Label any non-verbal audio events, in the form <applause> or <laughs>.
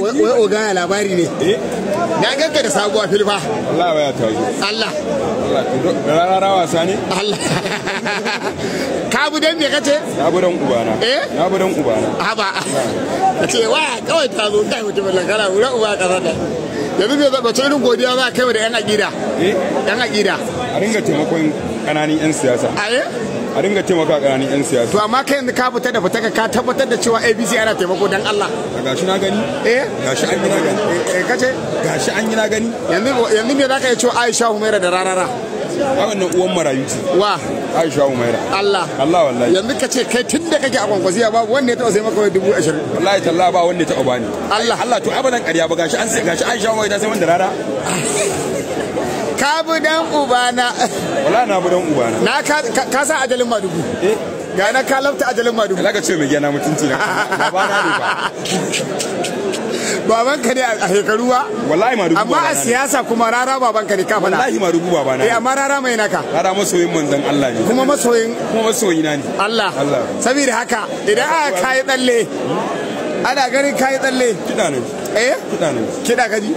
wai ya labari ne eh? na ganka da sabuwa filfa Allah ya tawo Allah Allah rara wasa sani. Allah <laughs> abu labudan me kace labudan ubana eh Na abu labudan ubana haba ah, kace waya kawai ta zo kai mutum lankara wura uba ka da yanzu bai zaba ce irin godiya za kai da yan aqida eh yan aqida a ringa taimakon kananin yan siyasa a ah, eh a ringa taimaka kananin yan siyasa to amma kai yanzu ka fita da fitaka ka tabbatar da cewa ABC ana taimako dan Allah gashi na gani eh gashi an yi na gani eh, eh kace gashi an yi na gani yanzu yanzu me zaka yi cewa Aisha Humaira da rarara a wannan uwan marayu ce wa aisha umaira allah allah wallahi yanzu ka ce kai tun da kake a kwankwasiya babu wanda ya taba sai maka dubu ashirin wallahi talla ba wanda ya taɓa bani allah allah to abadan ƙarya ba gashi an sai gashi aisha umaira sai wanda rara ka bu dan ubana wala na bu dan ubana na ka sa ajalin madugu eh ga na ka lafta ajalin madugu kaga ce mai gina mutunci na <laughs> ba na ne ba babanka ne a shekaru ba wallahi ma rubu amma a siyasa kuma rara babanka ne ka fada wallahi ma rubu babana eh amma rara mai naka rara masoyin manzon Allah ne kuma masoyin kuma na ne Allah Allah saboda haka idan aka kai dalle hmm? ana ganin kai dalle kida ne eh kida ne kida kaji